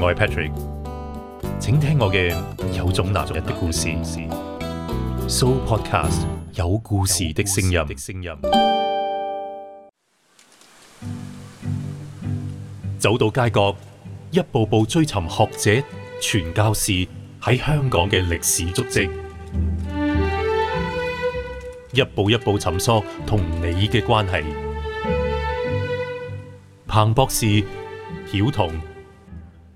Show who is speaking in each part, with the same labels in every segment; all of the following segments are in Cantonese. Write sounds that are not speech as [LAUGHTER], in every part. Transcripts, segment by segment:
Speaker 1: 我係 Patrick，請聽我嘅有種男人的故事。So Podcast 有故事的聲音。走到街角，一步步追尋學者、傳教士喺香港嘅歷史足迹，一步一步尋索同你嘅關係。彭博士、曉彤。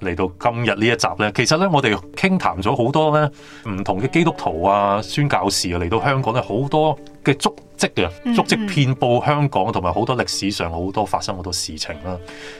Speaker 1: 嚟到今日呢一集呢，其實呢，我哋傾談咗好多呢唔同嘅基督徒啊、宣教士啊嚟到香港呢好多嘅足跡啊。嗯嗯，足跡遍佈香港，同埋好多歷史上好多發生好多事情啦、啊。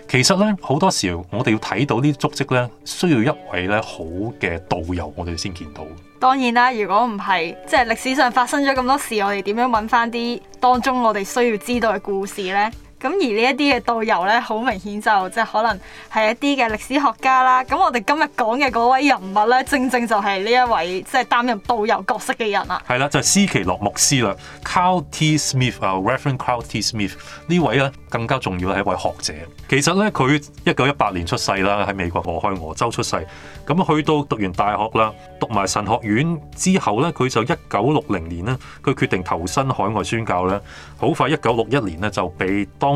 Speaker 1: 其實呢，好多時候我哋要睇到啲足跡呢，需要一位呢好嘅導遊，我哋先見到。
Speaker 2: 當然啦，如果唔係，即係歷史上發生咗咁多事，我哋點樣揾翻啲當中我哋需要知道嘅故事呢？咁而呢一啲嘅導遊咧，好明顯就即係可能係一啲嘅歷史學家啦。咁我哋今日講嘅嗰位人物咧，正正就係呢一位即係擔任導遊角色嘅人啦。
Speaker 1: 係啦，就係、施其樂牧師啦，Carl T. Smith 啊，Reverend Carl T. Smith 位呢位咧更加重要係一位學者。其實咧，佢一九一八年出世啦，喺美國俄亥俄州出世。咁去到讀完大學啦，讀埋神學院之後咧，佢就一九六零年呢，佢決定投身海外宣教啦。好快一九六一年呢，就被當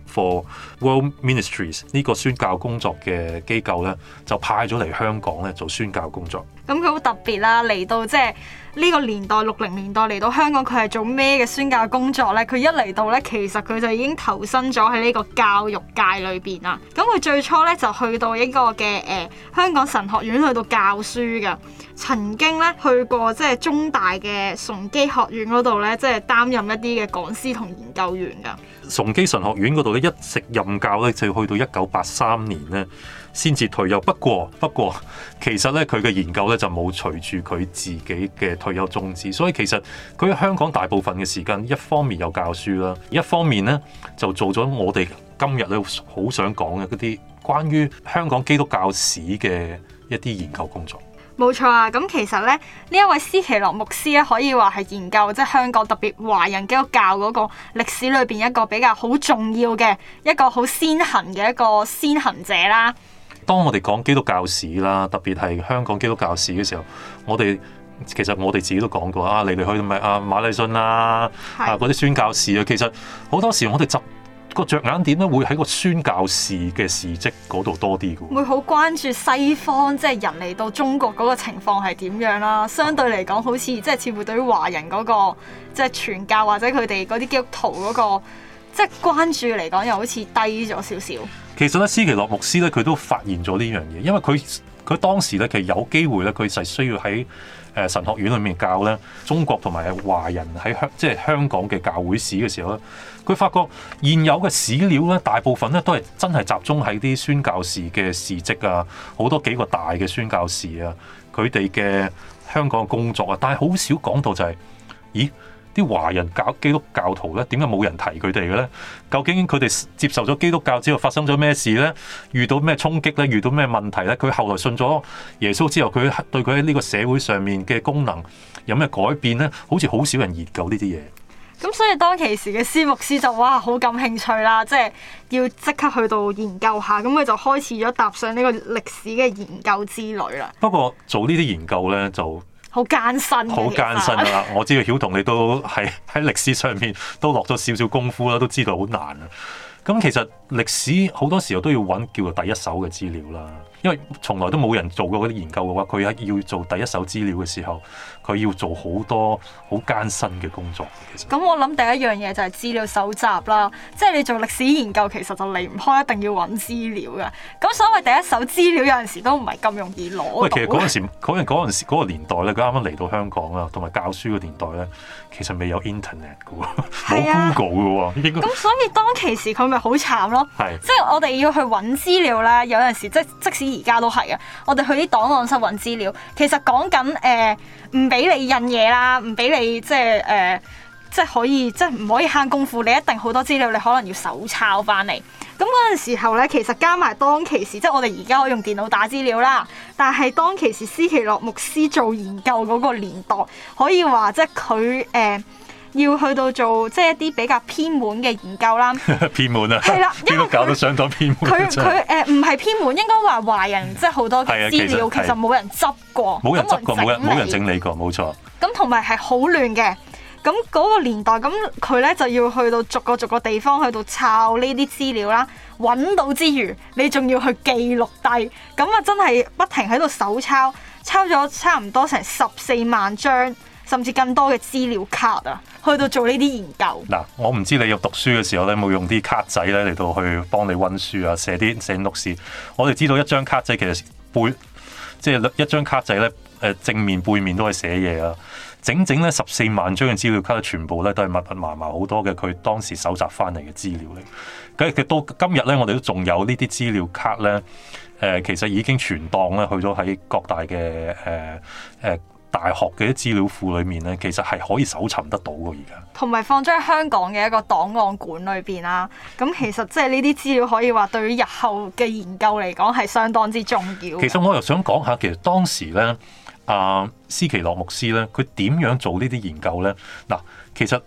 Speaker 1: For World Ministries 呢個宣教工作嘅機構咧，就派咗嚟香港咧做宣教工作。
Speaker 2: 咁佢好特別啦、啊，嚟到即係呢個年代六零年代嚟到香港，佢係做咩嘅宣教工作咧？佢一嚟到咧，其實佢就已經投身咗喺呢個教育界裏邊啦。咁佢最初咧就去到一個嘅誒、呃、香港神學院去到教書噶，曾經咧去過即係中大嘅崇基學院嗰度咧，即、就、係、是、擔任一啲嘅講師同研究員噶。
Speaker 1: 崇基神學院嗰度一直任教咧，就去到一九八三年咧，先至退休。不過不過其實咧，佢嘅研究咧就冇隨住佢自己嘅退休終止。所以其實佢喺香港大部分嘅時間，一方面有教書啦，一方面咧就做咗我哋今日咧好想講嘅嗰啲關於香港基督教史嘅一啲研究工作。
Speaker 2: 冇錯啊，咁其實咧呢一位斯奇洛牧師咧，可以話係研究即係、就是、香港特別華人基督教嗰個歷史裏邊一個比較好重要嘅一個好先行嘅一個先行者啦。
Speaker 1: 當我哋講基督教史啦，特別係香港基督教史嘅時候，我哋其實我哋自己都講過啊，你哋去去咪阿馬禮遜啦，啊嗰啲、啊的啊、宣教士啊，其實好多時我哋執。個着眼點咧，會喺個宣教士嘅事蹟嗰度多啲嘅，
Speaker 2: 會好關注西方即係人嚟到中國嗰個情況係點樣啦、啊。相對嚟講，好似即係似乎對於華人嗰個即係傳教或者佢哋嗰啲基督徒嗰個即係關注嚟講，又好似低咗少少。
Speaker 1: 其實咧，斯奇洛牧師咧，佢都發現咗呢樣嘢，因為佢佢當時咧其實有機會咧，佢就係需要喺。誒、呃、神學院裏面教咧，中國同埋華人喺香即係香港嘅教會史嘅時候咧，佢發覺現有嘅史料咧，大部分咧都係真係集中喺啲宣教士嘅事蹟啊，好多幾個大嘅宣教士啊，佢哋嘅香港工作啊，但係好少講到就係、是，咦？啲華人教基督教徒咧，點解冇人提佢哋嘅咧？究竟佢哋接受咗基督教之後發生咗咩事咧？遇到咩衝擊咧？遇到咩問題咧？佢後來信咗耶穌之後，佢對佢喺呢個社會上面嘅功能有咩改變咧？好似好少人研究呢啲嘢。
Speaker 2: 咁所以當其時嘅斯牧師就哇，好感興趣啦，即係要即刻去到研究下，咁佢就開始咗踏上呢個歷史嘅研究之旅啦。
Speaker 1: 不過做呢啲研究咧就，
Speaker 2: 好艱辛嘅，好艱辛啊！ [LAUGHS] 我
Speaker 1: 知道曉彤你都係喺歷史上面都落咗少少功夫啦，都知道好難。歷史好多時候都要揾叫做第一手嘅資料啦，因為從來都冇人做過嗰啲研究嘅話，佢係要做第一手資料嘅時候，佢要做好多好艱辛嘅工作。其
Speaker 2: 實咁，我諗第一樣嘢就係資料搜集啦，即係你做歷史研究其實就離唔開，一定要揾資料噶。咁所謂第一手資料有陣時都唔係咁容易攞。喂，其實嗰陣時
Speaker 1: 嗰陣嗰陣時嗰個年代咧，佢啱啱嚟到香港啊，同埋教書嘅年代咧，其實未有 Internet 嘅喎，冇 Google 嘅喎，應該。咁
Speaker 2: 所以當其時佢咪好慘咯？即係我哋要去搵資料啦，有陣時即即使而家都係呀，我哋去啲檔案室搵資料，其實講緊誒唔俾你印嘢啦，唔俾你即係誒、呃、即係可以即係唔可以慳功夫，你一定好多資料你可能要手抄翻嚟。咁嗰陣時候咧，其實加埋當其時，即係我哋而家可以用電腦打資料啦，但係當其時斯其洛牧師做研究嗰個年代，可以話即係佢誒。呃要去到做即係一啲比較偏門嘅研究啦，
Speaker 1: 偏門啊，係啦，因為搞到相當偏門。佢佢
Speaker 2: 誒，唔係偏門，應該話華人即係好多資料 [LAUGHS] 其實冇人執過，冇人執過，冇人，冇人整
Speaker 1: 理過，冇錯。
Speaker 2: 咁同埋係好亂嘅，咁嗰個年代，咁佢咧就要去到逐個逐個地方去到抄呢啲資料啦，揾到之餘，你仲要去記錄低，咁啊真係不停喺度手抄，抄咗差唔多成十四萬張。甚至更多嘅資料卡啊，去到做呢啲研究。
Speaker 1: 嗱、啊，我唔知你有讀書嘅時候咧，冇用啲卡仔咧嚟到去幫你温書啊，寫啲寫 notes 我哋知道一張卡仔其實背，即係一張卡仔咧，誒、呃、正面背面都係寫嘢啊。整整咧十四萬張嘅資料卡，全部咧都係密密麻麻好多嘅，佢當時搜集翻嚟嘅資料嚟。咁亦都今日咧，我哋都仲有呢啲資料卡咧，誒、呃、其實已經存檔咧，去咗喺各大嘅誒誒。呃呃大學嘅啲資料庫裏面呢，其實係可以搜尋得到嘅。而家
Speaker 2: 同埋放咗喺香港嘅一個檔案館裏邊啦。咁其實即係呢啲資料可以話對於日後嘅研究嚟講係相當之重要。其
Speaker 1: 實我又想講下，其實當時呢，啊斯奇洛牧師呢，佢點樣做呢啲研究呢？嗱，其實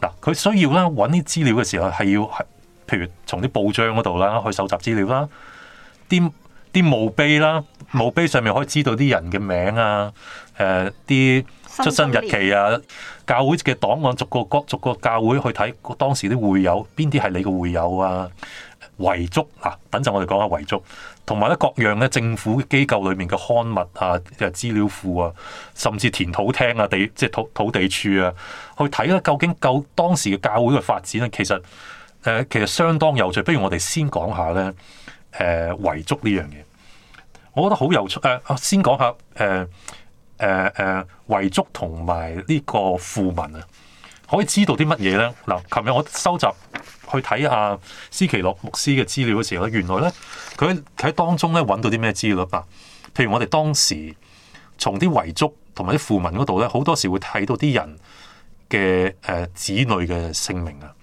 Speaker 1: 嗱，佢需要呢揾啲資料嘅時候係要係，譬如從啲報章嗰度啦去搜集資料啦，啲。啲墓碑啦，墓碑上面可以知道啲人嘅名啊，誒、呃、啲出生日期啊，教會嘅檔案，逐個逐個教會去睇，當時啲會友，邊啲係你嘅會友啊？遺囑嗱、啊，等陣，我哋講下遺囑同埋咧各樣嘅政府機構裏面嘅刊物啊、資料庫啊，甚至填土廳啊、地即係土土地處啊，去睇啦，究竟舊當時嘅教會嘅發展咧、啊，其實誒、呃、其實相當有趣。不如我哋先講下咧。誒、呃、遺囑呢樣嘢，我覺得好有趣。誒、呃，先講下誒誒誒遺囑同埋呢個富民，啊，可以知道啲乜嘢咧？嗱、呃，琴日我收集去睇下斯奇洛牧師嘅資料嘅時候咧，原來咧佢喺當中咧揾到啲咩資料啊？譬如我哋當時從啲遺囑同埋啲富民嗰度咧，好多時會睇到啲人嘅誒、呃、子女嘅姓名啊。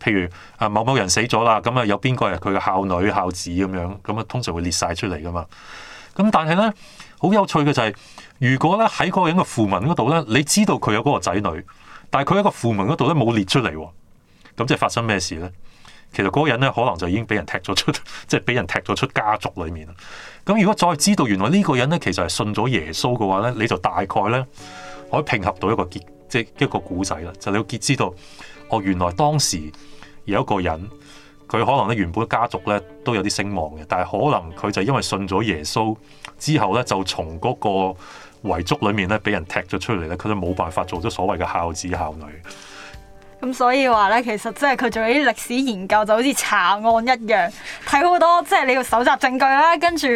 Speaker 1: 譬如啊某某人死咗啦，咁啊有邊個係佢嘅孝女孝子咁樣，咁啊通常會列晒出嚟噶嘛。咁但係咧，好有趣嘅就係、是，如果咧喺嗰個人嘅訃文嗰度咧，你知道佢有嗰個仔女，但係佢喺個訃文嗰度咧冇列出嚟，咁即係發生咩事咧？其實嗰個人咧可能就已經俾人踢咗出，即係俾人踢咗出家族裏面。咁如果再知道原來呢個人咧其實係信咗耶穌嘅話咧，你就大概咧可以拼合到一個結，即係一個故仔啦。就是、你要結知道。哦，原來當時有一個人，佢可能咧原本家族咧都有啲聲望嘅，但係可能佢就因為信咗耶穌之後咧，就從嗰個遺族裏面咧俾人踢咗出嚟咧，佢都冇辦法做咗所謂嘅孝子孝女。
Speaker 2: 咁所以話咧，其實即係佢做啲歷史研究，就好似查案一樣，睇好多即係、就是、你要搜集證據啦、啊，跟住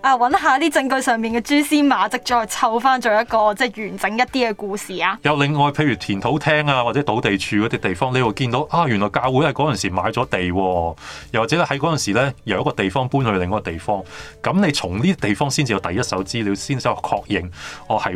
Speaker 2: 啊揾下啲證據上面嘅蛛絲馬跡，再湊翻做一個即係完整一啲嘅故事啊。
Speaker 1: 有另外譬如田土廳啊，或者土地處嗰啲地方，你會見到啊，原來教會喺嗰陣時買咗地，啊，又或者咧喺嗰陣時咧由一個地方搬去另一個地方，咁你從呢啲地方先至有第一手資料，先先確認哦係。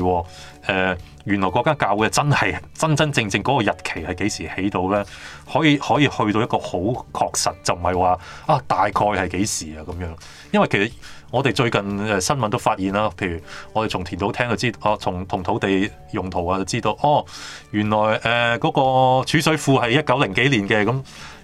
Speaker 1: 誒、呃、原來嗰間教會真係真真正正嗰個日期係幾時起到呢？可以可以去到一個好確實，就唔係話啊大概係幾時啊咁樣。因為其實我哋最近誒、呃、新聞都發現啦，譬如我哋從田土廳就知道，哦、啊、從同土地用途啊知道，哦原來誒嗰、呃那個儲水庫係一九零幾年嘅，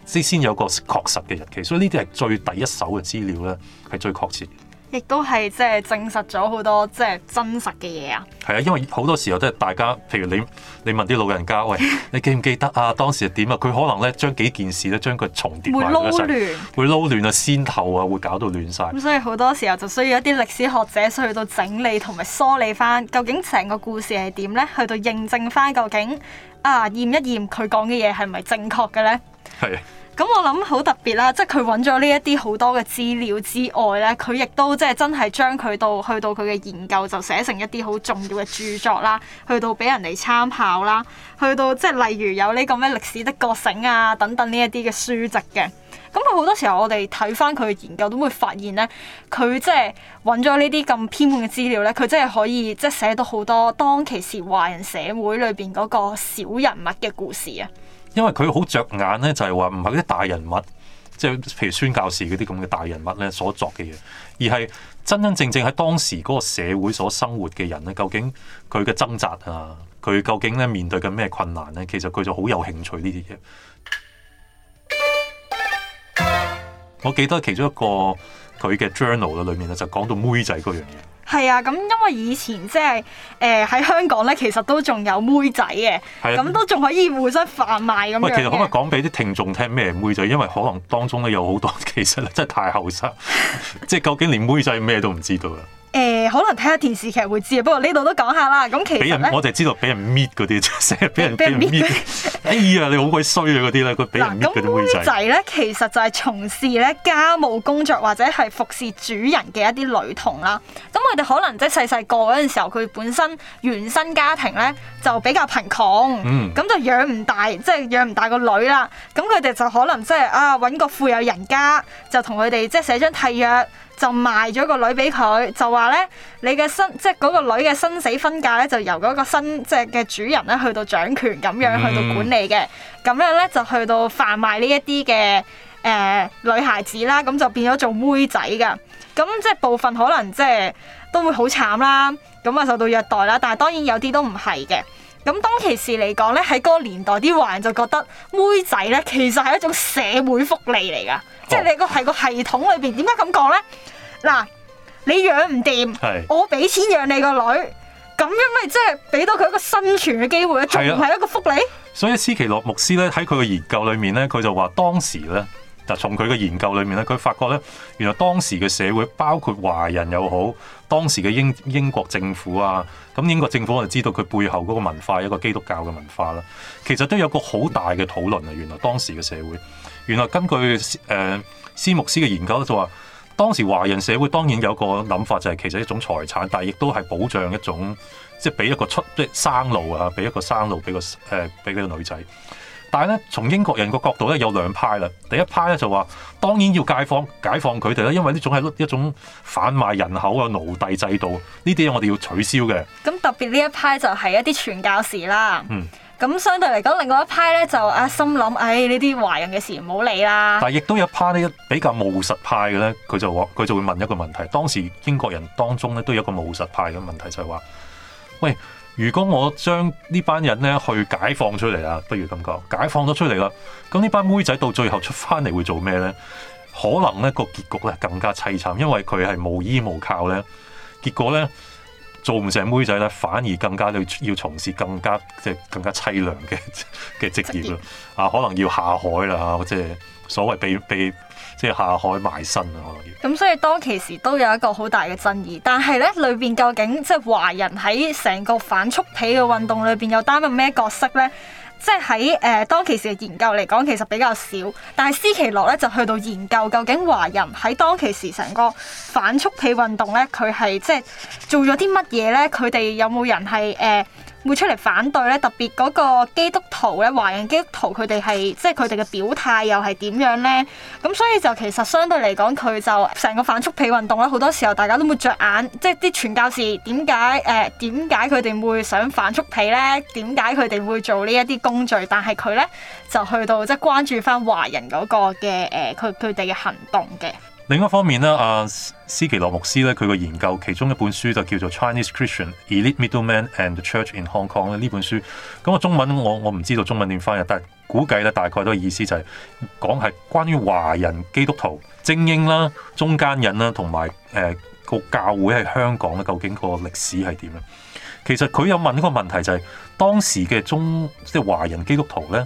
Speaker 1: 咁先有個確實嘅日期。所以呢啲係最第一手嘅資料呢，係最確切。
Speaker 2: 亦都係即係證實咗好多即係真實嘅嘢啊！
Speaker 1: 係啊，因為好多時候都係大家，譬如你你問啲老人家，喂，你記唔記得啊？ [LAUGHS] 當時係點啊？佢可能咧將幾件事咧將佢重疊埋一齊，會撈亂，會撈亂啊，先頭啊，會搞到亂晒！
Speaker 2: 咁所以好多時候就需要一啲歷史學者，需去到整理同埋梳理翻，究竟成個故事係點咧？去到認證翻，究竟啊驗一驗佢講嘅嘢係咪正確嘅咧？
Speaker 1: 係。
Speaker 2: 咁我諗好特別啦，即係佢揾咗呢一啲好多嘅資料之外呢，佢亦都即係真係將佢到去到佢嘅研究就寫成一啲好重要嘅著作啦，去到俾人哋參考啦，去到即係例如有呢個咩歷史的覺醒啊等等呢一啲嘅書籍嘅。咁佢好多時候，我哋睇翻佢嘅研究都會發現呢，佢即係揾咗呢啲咁偏門嘅資料呢，佢真係可以即係寫到好多當其時華人社會裏邊嗰個小人物嘅故事啊！
Speaker 1: 因為佢好着眼呢，就係話唔係啲大人物，即係譬如宣教士嗰啲咁嘅大人物呢所作嘅嘢，而係真真正正喺當時嗰個社會所生活嘅人呢，究竟佢嘅掙扎啊，佢究竟咧面對緊咩困難呢？其實佢就好有興趣呢啲嘢。我記得其中一個佢嘅 journal 嘅裏面咧，就講到妹仔嗰樣嘢。
Speaker 2: 係啊，咁因為以前即係誒喺香港咧，其實都仲有妹仔嘅，咁、啊、都仲可以互相販賣咁樣。喂，其實可唔可以
Speaker 1: 講俾啲聽眾聽咩妹仔？因為可能當中咧有好多其實真係太後生，即 [LAUGHS] 係究竟連妹仔咩都唔知道啦。
Speaker 2: 誒、呃、可能睇下電視劇會知啊，不過呢度都講下啦。咁其實俾人我
Speaker 1: 就知道俾人搣嗰啲成日俾人俾人搣。 [LAUGHS] 哎呀，你好鬼衰啊嗰啲咧，佢俾人搣嗰啲妹仔咧，妹
Speaker 2: 仔其實就係從事咧家務工作或者係服侍主人嘅一啲女童啦。咁佢哋可能即係細細個嗰陣時候，佢本身原生家庭咧就比較貧窮，咁、嗯、就養唔大，即、就、係、是、養唔大個女啦。咁佢哋就可能即、就、係、是、啊揾個富有人家，就同佢哋即係寫張契約。就賣咗個女俾佢，就話咧你嘅身，即係嗰個女嘅生死婚嫁咧，就由嗰個身即係嘅主人咧去到掌權咁樣去到管理嘅，咁樣咧就去到販賣呢一啲嘅誒女孩子啦，咁就變咗做妹仔噶，咁即係部分可能即係都會好慘啦，咁啊受到虐待啦，但係當然有啲都唔係嘅，咁當其時嚟講咧，喺嗰個年代啲華人就覺得妹仔咧其實係一種社會福利嚟噶，Oh. 即係你個係個系統裏邊點解咁講咧？嗱，你養唔掂？係是我俾錢養你個女，咁樣咪即係俾到佢一個生存嘅機會，仲唔係一個福利？啊、
Speaker 1: 所以斯奇洛牧師咧喺佢嘅研究裏面咧，佢就話當時咧，就從佢嘅研究裏面咧，佢發覺咧，原來當時嘅社會，包括華人又好，當時嘅英英國政府啊，咁英國政府我哋知道佢背後嗰個文化係一個基督教嘅文化啦，其實都有個好大嘅討論啊！原來當時嘅社會，原來根據誒、呃、斯牧師嘅研究就話。當時華人社會當然有個諗法，就係其實一種財產，但係亦都係保障一種，即係俾一個出即生路啊，俾一個生路，俾個誒，俾個女仔。但係咧，從英國人個角度咧，有兩派啦。第一派咧就話，當然要解放解放佢哋啦，因為呢種係一種販賣人口嘅奴隸制度，呢啲我哋要取消嘅。
Speaker 2: 咁特別呢一派就係一啲傳教士啦。嗯。咁相對嚟講，另外一派咧就啊心諗，哎呢啲華人嘅事唔好理啦。
Speaker 1: 但係亦都有一派呢，比較務實派嘅咧，佢就話佢就會問一個問題。當時英國人當中咧都有一個務實派嘅問題，就係話：喂，如果我將呢班人咧去解放出嚟啊，不如咁講，解放咗出嚟啦。咁呢班妹仔到最後出翻嚟會做咩咧？可能呢個結局咧更加悽慘，因為佢係無依無靠咧。結果咧。做唔成妹仔咧，反而更加要要從事更加即係更加淒涼嘅嘅 [LAUGHS] 職業啦！業啊，可能要下海啦嚇，即係所謂被被即係下海賣身啊，可能要。
Speaker 2: 咁所以當其時都有一個好大嘅爭議，但係咧裏邊究竟即係華人喺成個反蓄婢嘅運動裏邊又擔任咩角色咧？即係喺誒當其時嘅研究嚟講，其實比較少。但係斯其諾咧就去到研究究竟華人喺當其時成個反蓄婢運動咧，佢係即係做咗啲乜嘢咧？佢哋有冇人係誒？呃會出嚟反對咧，特別嗰個基督徒咧，華人基督徒佢哋係即係佢哋嘅表態又係點樣咧？咁所以就其實相對嚟講，佢就成個反蓄婢運動咧，好多時候大家都會着眼，即係啲傳教士點解誒點解佢哋會想反蓄婢咧？點解佢哋會做呢一啲工序？但係佢咧就去到即係關注翻華人嗰個嘅誒，佢佢哋嘅行動嘅。
Speaker 1: 另一方面咧，阿、啊、斯奇洛穆斯咧，佢個研究，其中一本書就叫做《Chinese Christian Elite Middlemen and the Church in Hong Kong》呢本書，咁個、嗯、中文我我唔知道中文點翻譯，但係估計咧大概都意思就係、是、講係關於華人基督徒精英啦、中間人啦，同埋誒個教會喺香港咧究竟個歷史係點咧？其實佢有問呢個問題就係、是、當時嘅中即係華人基督徒咧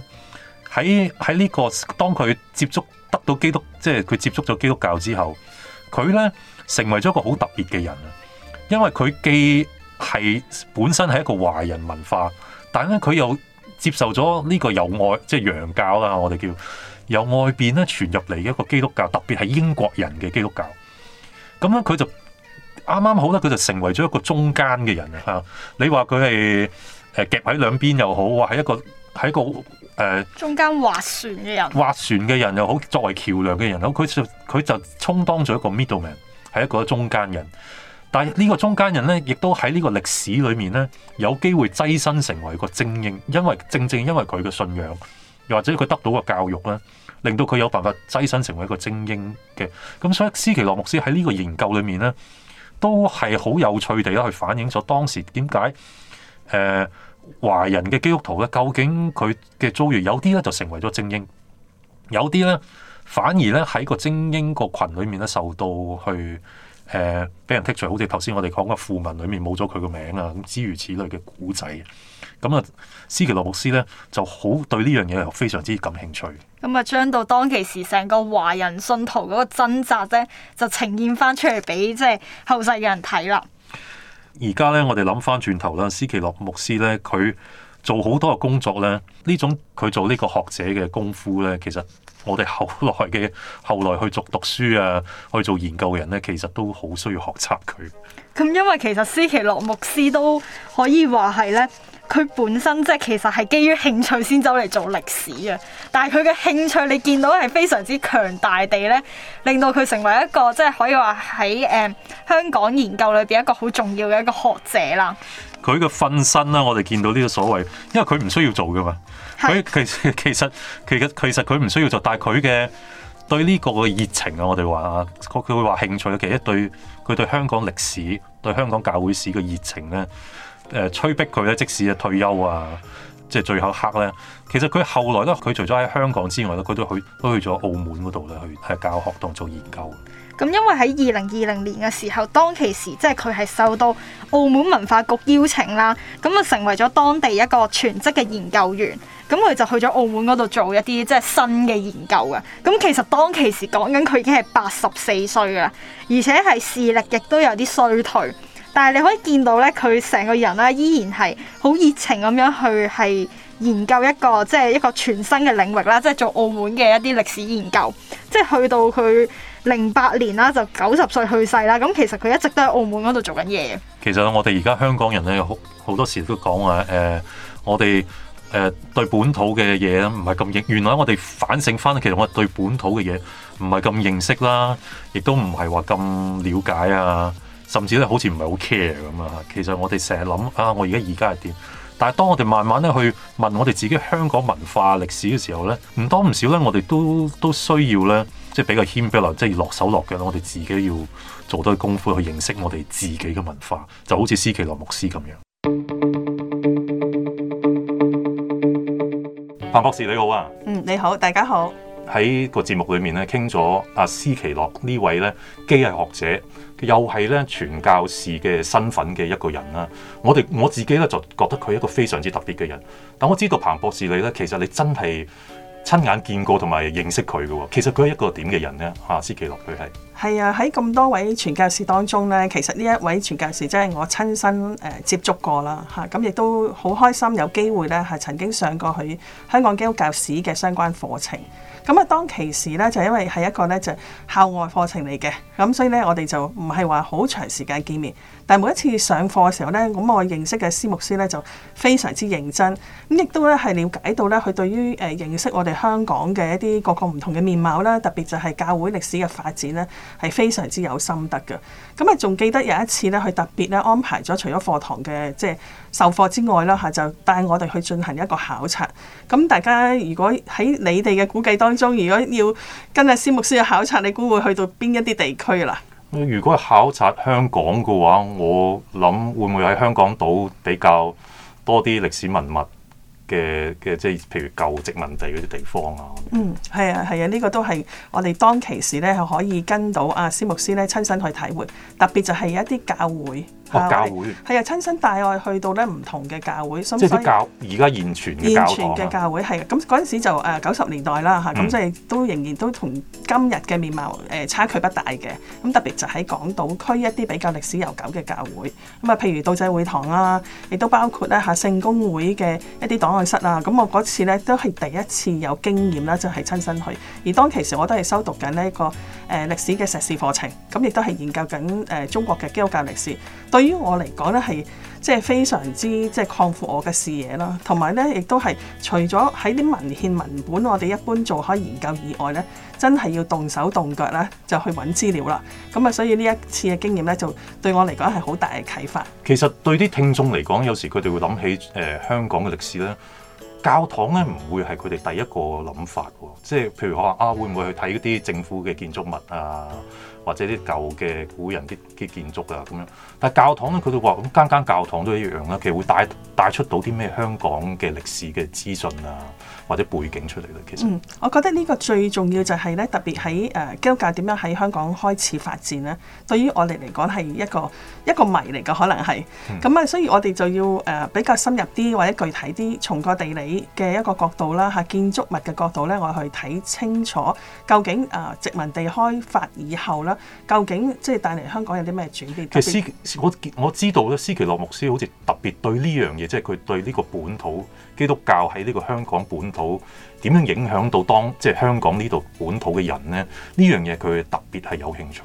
Speaker 1: 喺喺呢、這個當佢接觸。到基督，即係佢接觸咗基督教之後，佢咧成為咗一個好特別嘅人啊！因為佢既係本身係一個華人文化，但係咧佢又接受咗呢個由外即係洋教啦，我哋叫由外邊咧傳入嚟嘅一個基督教，特別係英國人嘅基督教。咁咧佢就啱啱好啦，佢就成為咗一個中間嘅人啊！你話佢係誒夾喺兩邊又好，話喺一個喺一個。誒，uh,
Speaker 2: 中間划船嘅人，
Speaker 1: 划船嘅人又好，作為橋梁嘅人好，佢就佢就充當咗一個 middleman，係一個中間人。但係呢個中間人咧，亦都喺呢個歷史裏面咧，有機會躋身成為個精英，因為正正因為佢嘅信仰，又或者佢得到嘅教育咧，令到佢有辦法躋身成為一個精英嘅。咁所以斯奇諾牧斯喺呢個研究裏面咧，都係好有趣地咧去反映咗當時點解誒。華人嘅基督徒咧，究竟佢嘅遭遇，有啲咧就成為咗精英，有啲咧反而咧喺個精英個群裏面咧，受到去誒俾、呃、人剔除，好似頭先我哋講嘅富民裏面冇咗佢個名啊，咁諸如此類嘅古仔，咁、嗯、啊，斯奇諾牧師咧就好對呢樣嘢又非常之感興趣，
Speaker 2: 咁啊，將到當其時成個華人信徒嗰個掙扎咧，就呈現翻出嚟俾即係後世嘅人睇啦。
Speaker 1: 而家咧，我哋諗翻轉頭啦，斯奇洛牧師咧，佢做好多嘅工作咧，呢種佢做呢個學者嘅功夫咧，其實我哋後來嘅後來去續讀書啊，去做研究嘅人咧，其實都好需要學習佢。
Speaker 2: 咁因為其實斯奇洛牧師都可以話係咧。佢本身即係其實係基於興趣先走嚟做歷史嘅，但係佢嘅興趣，你見到係非常之強大地咧，令到佢成為一個即係、就是、可以話喺誒香港研究裏邊一個好重要嘅一個學者啦。
Speaker 1: 佢嘅分身啦，我哋見到呢個所謂，因為佢唔需要做㗎嘛。佢是其實其實其實其實佢唔需要做，但係佢嘅對呢個嘅熱情啊，我哋話佢佢會話興趣，其實對佢對香港歷史、對香港教會史嘅熱情咧。誒催逼佢咧，即使啊退休啊，即係最後刻咧，其實佢後來咧，佢除咗喺香港之外咧，佢都去都去咗澳門嗰度咧，去去教學同做研究。
Speaker 2: 咁因為喺二零二零年嘅時候，當其時即係佢係受到澳門文化局邀請啦，咁啊成為咗當地一個全職嘅研究員。咁佢就去咗澳門嗰度做一啲即係新嘅研究嘅。咁其實當其時講緊佢已經係八十四歲啦，而且係視力亦都有啲衰退。但係你可以見到咧，佢成個人咧依然係好熱情咁樣去係研究一個即係一個全新嘅領域啦，即係做澳門嘅一啲歷史研究。即係去到佢零八年啦，就九十歲去世啦。咁其實佢一直都喺澳門嗰度做緊嘢。
Speaker 1: 其實我哋而家香港人咧，好好多時都講話誒，我哋誒對本土嘅嘢唔係咁認。原來我哋反省翻，其實我對本土嘅嘢唔係咁認識啦，亦都唔係話咁了解啊。甚至咧好似唔係好 care 咁啊。其實我哋成日諗啊，我而家而家係點？但係當我哋慢慢咧去問我哋自己香港文化歷史嘅時候咧，唔多唔少咧，我哋都都需要咧，即係比較謙卑落，即係落手落腳咯。我哋自己要做多啲功夫去認識我哋自己嘅文化，就好似斯奇洛牧師咁樣。彭博士你好啊！
Speaker 3: 嗯，你好，大家好。
Speaker 1: 喺個節目裏面咧，傾咗阿斯奇洛呢位咧，機械學者。又係咧傳教士嘅身份嘅一個人啦，我哋我自己咧就覺得佢係一個非常之特別嘅人。但我知道彭博士你咧，其實你真係親眼見過同埋認識佢嘅喎。其實佢係一個點嘅人呢？哈，斯奇諾佢係
Speaker 3: 係啊！喺咁、啊、多位傳教士當中咧，其實呢一位傳教士真係我親身誒、呃、接觸過啦。嚇咁亦都好開心有機會咧，係、啊、曾經上過佢香港基督教史嘅相關課程。咁啊，當其時咧，就因為係一個咧就校外課程嚟嘅，咁所以咧我哋就唔係話好長時間見面，但係每一次上課嘅時候咧，咁我認識嘅司牧師咧就非常之認真，咁亦都咧係了解到咧佢對於誒認識我哋香港嘅一啲各個唔同嘅面貌啦，特別就係教會歷史嘅發展咧，係非常之有心得嘅。咁啊，仲記得有一次咧，佢特別咧安排咗除咗課堂嘅即係。就是授課之外啦嚇，就帶我哋去進行一個考察。咁大家如果喺你哋嘅估計當中，如果要跟阿司牧師嘅考察，你估會去到邊一啲地區啦？
Speaker 1: 如果考察香港嘅話，我諗會唔會喺香港島比較多啲歷史文物？嘅嘅即係譬如舊殖民地嗰啲地方啊，嗯，
Speaker 3: 係啊係啊，呢、啊這個都係我哋當其時咧係可以跟到阿、啊、司牧師咧親身去體會，特別就係一啲教會，哦教會係啊親身帶我去到咧唔同嘅教會，即係啲教
Speaker 1: 而家現存嘅教，現存嘅
Speaker 3: 教會係啊，咁嗰陣時就誒九十年代啦嚇，咁即係都仍然都同今日嘅面貌誒差距不大嘅，咁、嗯、特別就喺港島區一啲比較歷史悠久嘅教會，咁啊譬如道濟會堂啦、啊，亦都包括咧嚇聖公會嘅一啲黨。教室啊，咁我嗰次咧都係第一次有經驗啦，就係、是、親身去。而當其時，我都係修讀緊呢個誒、呃、歷史嘅碩士課程，咁亦都係研究緊誒、呃、中國嘅基督教歷史。對於我嚟講咧，係。即係非常之即係擴闊我嘅視野啦，同埋呢，亦都係除咗喺啲文獻文本，我哋一般做開研究以外呢，真係要動手動腳呢，就去揾資料啦。咁啊，所以呢一次嘅經驗呢，就對我嚟講係好大嘅啟發。
Speaker 1: 其實對啲聽眾嚟講，有時佢哋會諗起誒、呃、香港嘅歷史呢，教堂呢，唔會係佢哋第一個諗法喎。即係譬如我話啊，會唔會去睇嗰啲政府嘅建築物啊？或者啲舊嘅古人啲嘅建築啊咁樣。但係教堂咧，佢哋話咁間間教堂都一樣啦，其實會帶帶出到啲咩香港嘅歷史嘅資訊啊，或者背景出嚟咧？其實、嗯、
Speaker 3: 我覺得呢個最重要就係、是、咧，特別喺誒基督教點樣喺香港開始發展咧，對於我哋嚟講係一個一個謎嚟嘅，可能係咁啊，所以我哋就要誒、呃、比較深入啲或者具體啲，從個地理嘅一個角度啦吓建築物嘅角度咧，我去睇清楚究竟誒殖民地開發以後咧。究竟即係帶嚟香港有啲咩轉機？其
Speaker 1: 實我我知道咧，斯奇洛牧師好似特別對呢樣嘢，即係佢對呢個本土基督教喺呢個香港本土點樣影響到當即係香港呢度本土嘅人咧？呢樣嘢佢特別係有興趣。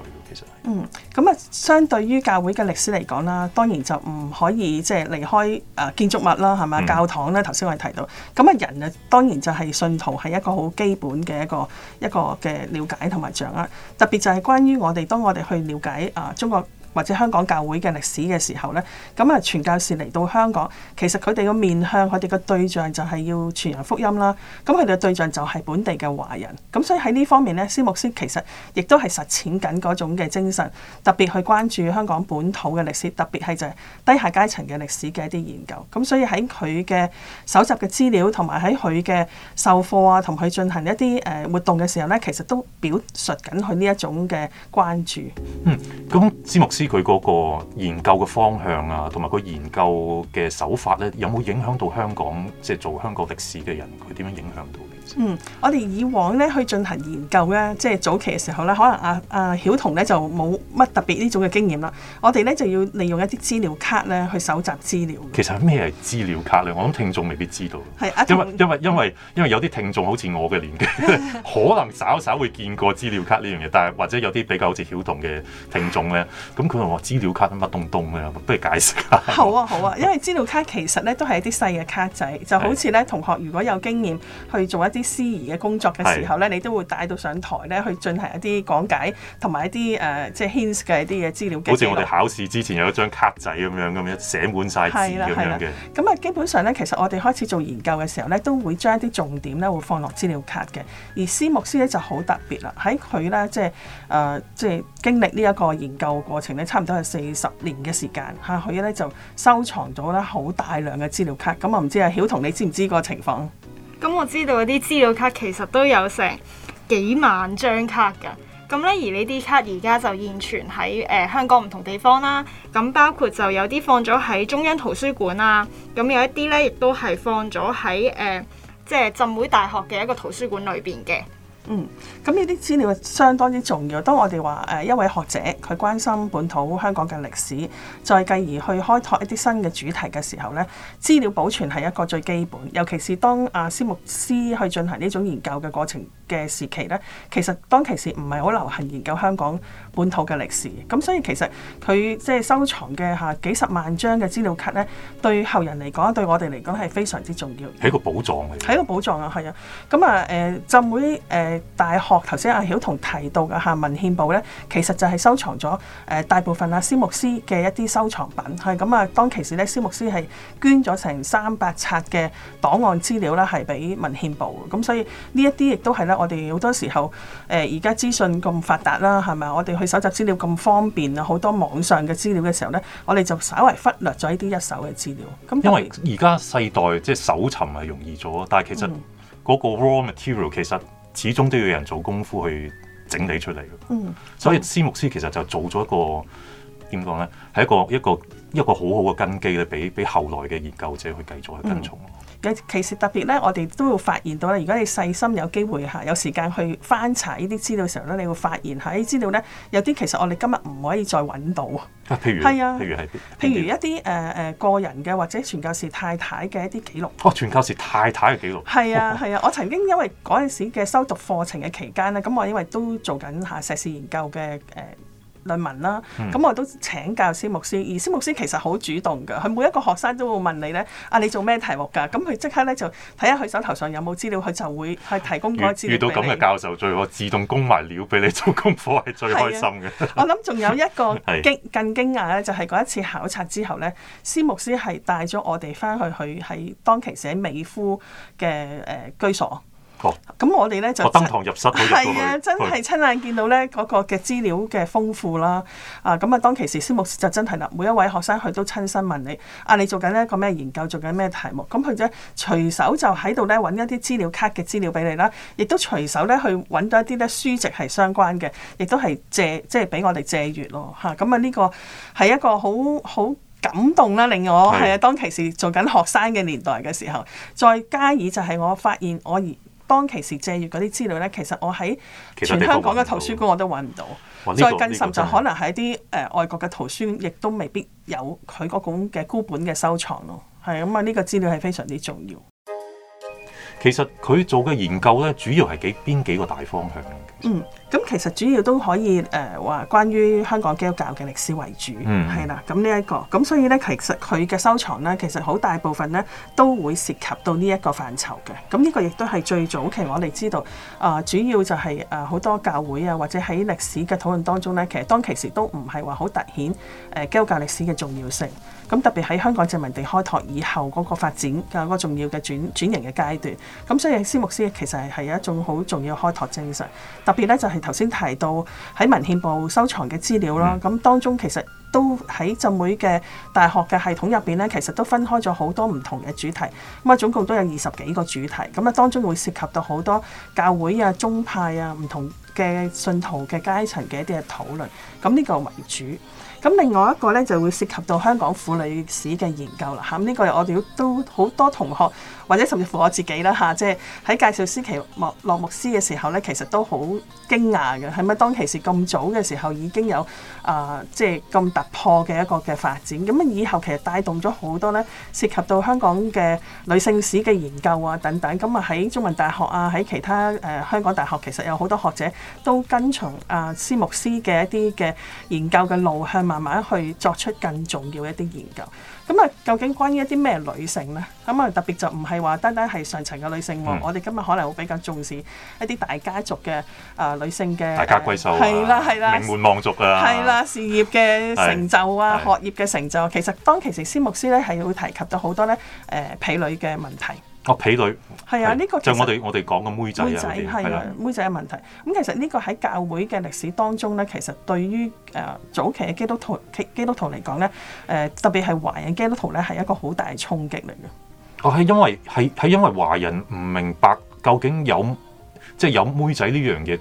Speaker 3: 嗯，咁啊，相對於教會嘅歷史嚟講啦，當然就唔可以即係離開誒、呃、建築物啦，係咪？教堂咧，頭先我哋提到，咁啊，人啊，當然就係信徒係一個好基本嘅一個一個嘅了解同埋掌握，特別就係關於我哋當我哋去了解啊、呃，中國。或者香港教會嘅歷史嘅時候咧，咁啊，傳教士嚟到香港，其實佢哋嘅面向，佢哋嘅對象就係要傳揚福音啦。咁佢哋嘅對象就係本地嘅華人。咁所以喺呢方面咧，司牧師其實亦都係實踐緊嗰種嘅精神，特別去關注香港本土嘅歷史，特別係就係低下階層嘅歷史嘅一啲研究。咁所以喺佢嘅搜集嘅資料，同埋喺佢嘅授課啊，同佢進行一啲誒、呃、活動嘅時候咧，其實都表述緊佢呢一種嘅關注。嗯，
Speaker 1: 咁、嗯和司牧師知佢嗰個研究嘅方向啊，同埋佢研究嘅手法咧，有冇影響到香港即係、就是、做香港歷史嘅人，佢點樣影響到？
Speaker 3: 嗯，我哋以往咧去進行研究咧，即係早期嘅時候咧，可能啊啊曉彤咧就冇乜特別呢種嘅經驗啦。我哋咧就要利用一啲資料卡咧去搜集資料。
Speaker 1: 其實咩係資料卡咧？我諗聽眾未必知道。係、啊，因為因為因為因為有啲聽眾好似我嘅年紀， [LAUGHS] 可能稍稍會見過資料卡呢樣嘢，但係或者有啲比較好似曉彤嘅聽眾咧，咁佢同我話資料卡乜東東嘅，不如解釋下。好啊好啊，因
Speaker 3: 為資料卡其實咧都係一啲細嘅卡仔，就好似咧同學如果有經驗去做一啲。司儀嘅工作嘅時候咧，是你都會帶到上台咧去進行一啲講解，同、呃、埋一啲誒即係 hints 嘅一啲嘅資料。好似我哋
Speaker 1: 考試之前有一張卡仔咁樣咁樣，寫滿晒字咁樣
Speaker 3: 嘅。咁啊，基本上咧，其實我哋開始做研究嘅時候咧，都會將一啲重點咧會放落資料卡嘅。而斯牧斯咧就好特別啦，喺佢咧即係誒、呃、即係經歷呢一個研究過程咧，差唔多係四十年嘅時間嚇。佢咧就收藏咗咧好大量嘅資料卡。咁我唔知阿、啊、曉彤你知唔知個情況？
Speaker 2: 咁我知道啲資料卡其實都有成幾萬張卡㗎，咁咧而呢啲卡而家就現存喺誒、呃、香港唔同地方啦，咁包括就有啲放咗喺中央圖書館啦、啊。咁有一啲咧亦都係放咗喺誒即係浸會大學嘅一個圖書館裏邊嘅。
Speaker 3: 嗯，咁呢啲資料相當之重要。當我哋話誒一位學者佢關心本土香港嘅歷史，再繼而去開拓一啲新嘅主題嘅時候呢，資料保存係一個最基本，尤其是當阿斯莫斯去進行呢種研究嘅過程嘅時期咧，其實當其時唔係好流行研究香港本土嘅歷史，咁所以其實佢即係收藏嘅嚇幾十萬張嘅資料卡咧，對後人嚟講，對我哋嚟講係非常之重要，
Speaker 1: 係一個寶藏嚟。係
Speaker 3: 一個寶藏啊，係啊，咁啊誒浸會誒、呃、大學頭先阿曉彤提到嘅嚇、啊、文獻部咧，其實就係收藏咗誒、呃、大部分阿、啊、斯牧師嘅一啲收藏品，係咁啊當其時咧，斯牧師係捐咗成三百冊嘅檔案資料啦，係俾文獻部，咁所以呢一啲亦都係咧。我哋好多時候，誒而家資訊咁發達啦，係咪？我哋去搜集資料咁方便啊，好多網上嘅資料嘅時候咧，我哋就稍微忽略咗呢啲一手嘅資料。咁因
Speaker 1: 為而家世代即係搜尋係容易咗，但係其實嗰個 raw material 其實始終都要有人做功夫去整理出嚟。嗯，所以斯牧師其實就做咗一個點講咧，係一個一個一個好好嘅根基咧，俾俾後來嘅研究者去繼續去跟從。嗯。
Speaker 3: 其實特別咧，我哋都會發現到啦。如果你細心有機會嚇，有時間去翻查呢啲資料嘅時候咧，你會發現喺呢資料咧，有啲其實我哋今日唔可以再揾到。
Speaker 1: 譬如啊，譬如係啊，譬如係
Speaker 3: 譬如一啲誒誒個人嘅或者傳教士太太嘅一啲記錄。
Speaker 1: 哦，傳教士太太嘅記錄。係
Speaker 3: 啊係、哦、啊，我曾經因為嗰陣時嘅修讀課程嘅期間咧，咁、嗯、我因為都做緊下碩士研究嘅誒。呃論文啦，咁、嗯、我都請教司牧師，而司牧師其實好主動嘅，佢每一個學生都會問你咧，啊你做咩題目㗎？咁佢即刻咧就睇下佢手頭上有冇資料，佢就會去提供嗰資料，遇到咁嘅教
Speaker 1: 授，最你 [LAUGHS] 我自動供埋料俾你做功課，係最開心嘅、啊。我
Speaker 3: 諗仲有一個驚更驚訝咧， [LAUGHS] 是就係嗰一次考察之後咧，司牧師係帶咗我哋翻去佢喺當期寫美孚嘅誒居所。咁我哋咧就登堂
Speaker 1: 入室，係啊，真係
Speaker 3: 親眼見到咧嗰個嘅資料嘅豐富啦。啊，咁啊，當其時師牧師就真係啦，每一位學生佢都親身問你：啊，你做緊一個咩研究？做緊咩題目？咁佢就隨手就喺度咧揾一啲資料卡嘅資料俾你啦，亦都隨手咧去揾到一啲咧書籍係相關嘅，亦都係借即係俾我哋借閲咯。嚇、啊，咁啊呢、啊啊啊啊這個係一個好好感動啦，令我係啊，啊當其時做緊學生嘅年代嘅時候，再加以就係我發現我而。當其時借閱嗰啲資料咧，其實我喺全香港嘅圖書館我都揾唔到，再、這個、更深就可能喺啲誒外國嘅圖書亦都未必有佢嗰種嘅孤本嘅收藏咯。係咁啊，呢、這個資料係非常之重要。
Speaker 1: 其實佢做嘅研究咧，主要係幾邊幾個大方向。
Speaker 3: 嗯，咁其實主要都可以誒話、呃、關於香港基督教嘅歷史為主。係啦、嗯，咁呢一個咁所以咧其實佢嘅收藏咧，其實好大部分咧都會涉及到呢一個範疇嘅，咁呢個亦都係最早期我哋知道。啊、呃、主要就係誒好多教會啊或者喺歷史嘅討論當中咧，其實當其時都唔係話好凸顯誒基督教歷史嘅重要性，咁特別喺香港殖民地開拓以後嗰個發展嘅嗰個重要嘅轉轉型嘅階段，咁所以司牧師其實係有一種好重要開拓精神。特別咧就係頭先提到喺文獻部收藏嘅資料啦，咁、嗯、當中其實都喺浸會嘅大學嘅系統入邊咧，其實都分開咗好多唔同嘅主題，咁啊總共都有二十幾個主題，咁啊當中會涉及到好多教會啊、宗派啊、唔同嘅信徒嘅階層嘅一啲嘅討論，咁呢個為主。咁另外一個咧就會涉及到香港婦女史嘅研究啦，咁、嗯、呢、呢個我哋都好多同學。或者甚至乎我自己啦吓、啊，即係喺介紹思琪莫洛慕斯嘅時候咧，其實都好驚訝嘅。係咪當其時咁早嘅時候已經有啊、呃，即係咁突破嘅一個嘅發展？咁、嗯、啊，以後其實帶動咗好多咧，涉及到香港嘅女性史嘅研究啊等等。咁、嗯、啊，喺中文大學啊，喺其他誒、呃、香港大學其實有好多學者都跟從啊、呃、斯慕斯嘅一啲嘅研究嘅路向，慢慢去作出更重要一啲研究。咁、嗯、啊、嗯，究竟關於一啲咩女性咧？咁、嗯、啊，特別就唔係。話單單係上層嘅女性喎，我哋今日可能會比較重視一啲大家族嘅啊女性嘅大家閨秀，係啦係啦，名門
Speaker 1: 望族啊，係啦，
Speaker 3: 事業嘅成就啊，學業嘅成就。其實當其時，司牧師咧係會提及到好多咧誒婢女嘅問題。
Speaker 1: 哦，婢女係啊，呢個就我哋我哋講嘅妹仔妹仔係啊，
Speaker 3: 妹仔嘅問題。咁其實呢個喺教會嘅歷史當中咧，其實對於誒早期嘅基督徒基督徒嚟講咧，誒特別係華人基督徒咧係一個好大嘅衝擊嚟嘅。
Speaker 1: 我係、哦、因為係係因為華人唔明白究竟有即係有妹仔呢樣嘢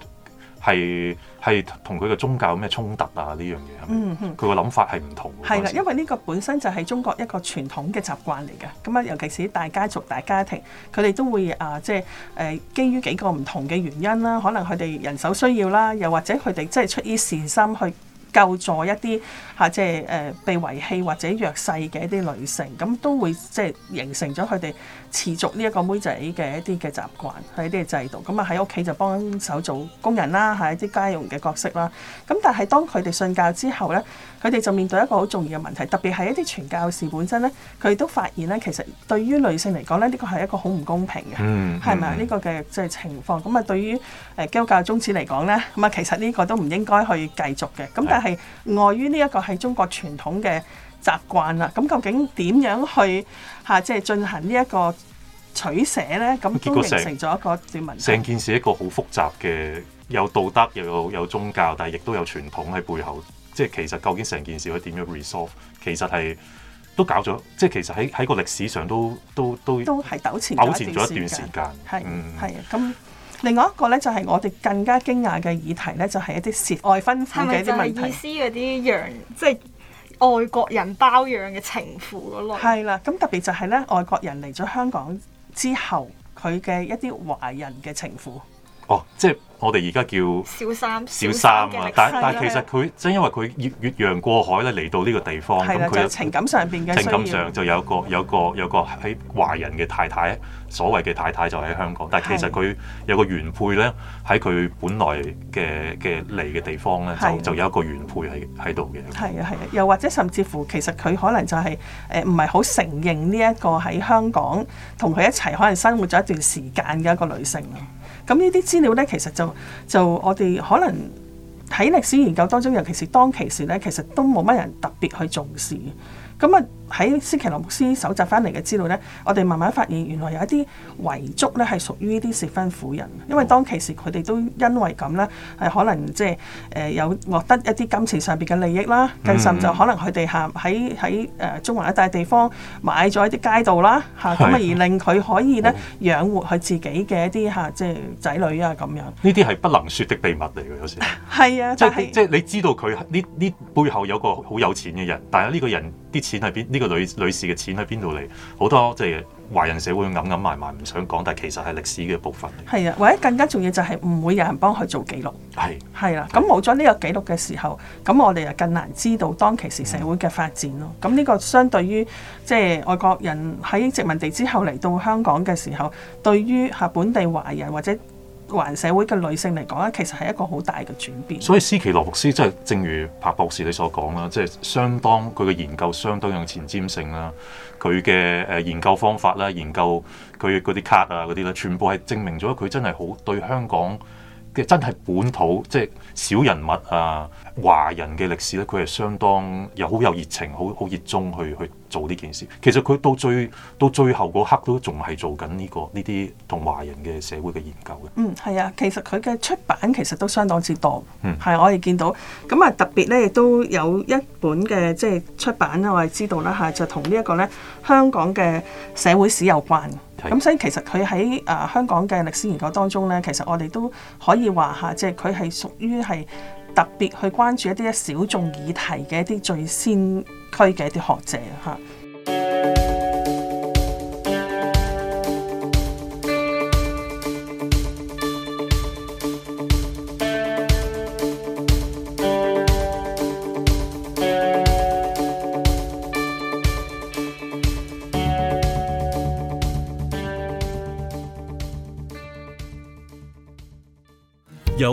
Speaker 1: 係係同佢嘅宗教有咩衝突啊？呢樣嘢，係係嗯嗯哼，佢個諗法係唔同。係啦的，時因為
Speaker 3: 呢個本身就係中國一個傳統嘅習慣嚟嘅。咁啊，尤其是大家族、大家庭，佢哋都會啊，即係誒、啊，基於幾個唔同嘅原因啦，可能佢哋人手需要啦，又或者佢哋即係出於善心去。救助一啲吓即係誒被遺棄或者弱勢嘅一啲女性，咁都會即係形成咗佢哋持續呢一個妹仔嘅一啲嘅習慣係一啲制度。咁啊喺屋企就幫手做工人啦，嚇一啲家用嘅角色啦。咁但係當佢哋信教之後咧，佢哋就面對一個好重要嘅問題，特別係一啲傳教士本身咧，佢都發現咧，其實對於女性嚟講咧，呢個係一個好唔公平嘅，係咪呢個嘅即係情況，咁啊，對於誒基督教宗旨嚟講咧，咁啊其實呢個都唔應該去繼續嘅。咁但係礙於呢一個係中國傳統嘅習慣啦。咁究竟點樣去嚇、啊、即係進行呢一個取捨咧？咁都形成咗一個文。成
Speaker 1: 件事一個好複雜嘅，有道德又有有宗教，但係亦都有傳統喺背後。即係其實究竟成件事會點樣 resolve？其實係都搞咗，即係其實喺喺個歷史上都都都都係
Speaker 3: 糾纏糾纏咗一段時間。係嗯係啊咁。另外一個咧，就係、是、我哋更加驚訝嘅議題咧，就係、是、一啲涉外婚姻嘅一啲問題。係
Speaker 2: 咪就係意思嗰啲洋，即、就、係、
Speaker 3: 是、外國人包養嘅情婦嗰類？係啦，咁特別就係咧，外國人嚟咗香港之後，佢嘅一啲華人嘅情婦。
Speaker 1: 哦，oh, 即係我哋而家叫小
Speaker 3: 三小三，但啊！但、啊、但其實
Speaker 1: 佢真因為佢越越洋過海咧嚟到呢個地方，咁佢、啊、他情
Speaker 3: 感上邊嘅情感上
Speaker 1: 就有一個有一個有一個喺華人嘅太太，所謂嘅太太就喺香港，但其實佢有個原配咧喺佢本來嘅嘅嚟嘅地方咧，就、啊、就有一個原配喺喺度嘅。係啊係啊，
Speaker 3: 啊，又或者甚至乎其實佢可能就係誒唔係好承認呢一個喺香港同佢一齊可能生活咗一段時間嘅一個女性咯。咁呢啲資料咧，其實就就我哋可能喺歷史研究當中，尤其是當其時咧，其實都冇乜人特別去重視，咁啊。喺斯奇羅牧師搜集翻嚟嘅資料咧，我哋慢慢發現原來有一啲遺囑咧係屬於啲失婚婦人，因為當其時佢哋都因為咁咧，係可能即係誒有獲得一啲金錢上邊嘅利益啦，更甚就可能佢哋喺喺喺誒中華一帶地方買咗一啲街道啦，嚇、咁啊而令佢可以咧、嗯、養活佢自己嘅一啲嚇、啊、即係仔女啊咁樣。
Speaker 1: 呢啲係不能説的秘密嚟嘅。有時
Speaker 3: 係啊，即係
Speaker 1: 即係你知道佢呢呢背後有個好有錢嘅人，但係呢個人啲錢喺邊？個女女士嘅錢喺邊度嚟？好多即係華人社會揞揞埋埋，唔想講，但係其實係歷史嘅部分。
Speaker 3: 係啊，或者更加重要就係唔會有人幫佢做記錄。係係啦，咁冇咗呢個記錄嘅時候，咁我哋就更難知道當其時社會嘅發展咯。咁呢、嗯、個相對於即係外國人喺殖民地之後嚟到香港嘅時候，對於吓本地華人或者。環社會嘅女性嚟講咧，其實係一個好大嘅轉變。所以
Speaker 1: 斯奇洛夫斯，即係正如柏博士你所講啦，即係相當佢嘅研究相當有前瞻性啦，佢嘅誒研究方法啦、研究佢嗰啲卡啊嗰啲咧，全部係證明咗佢真係好對香港。嘅真係本土即係小人物啊，華人嘅歷史咧，佢係相當又好有熱情，好好熱衷去去做呢件事。其實佢到最到最後嗰刻都仲係做緊、這、呢個呢啲同華人嘅社會嘅研究嘅。嗯，
Speaker 3: 係啊，其實佢嘅出版其實都相當之多。嗯，係我哋見到咁啊，特別咧亦都有一本嘅即係出版，我係知道啦，係就同呢一個咧香港嘅社會史有關。咁、嗯、所以其實佢喺誒香港嘅歷史研究當中咧，其實我哋都可以話嚇、啊，即係佢係屬於係特別去關注一啲小眾議題嘅一啲最先驅嘅一啲學者嚇。啊。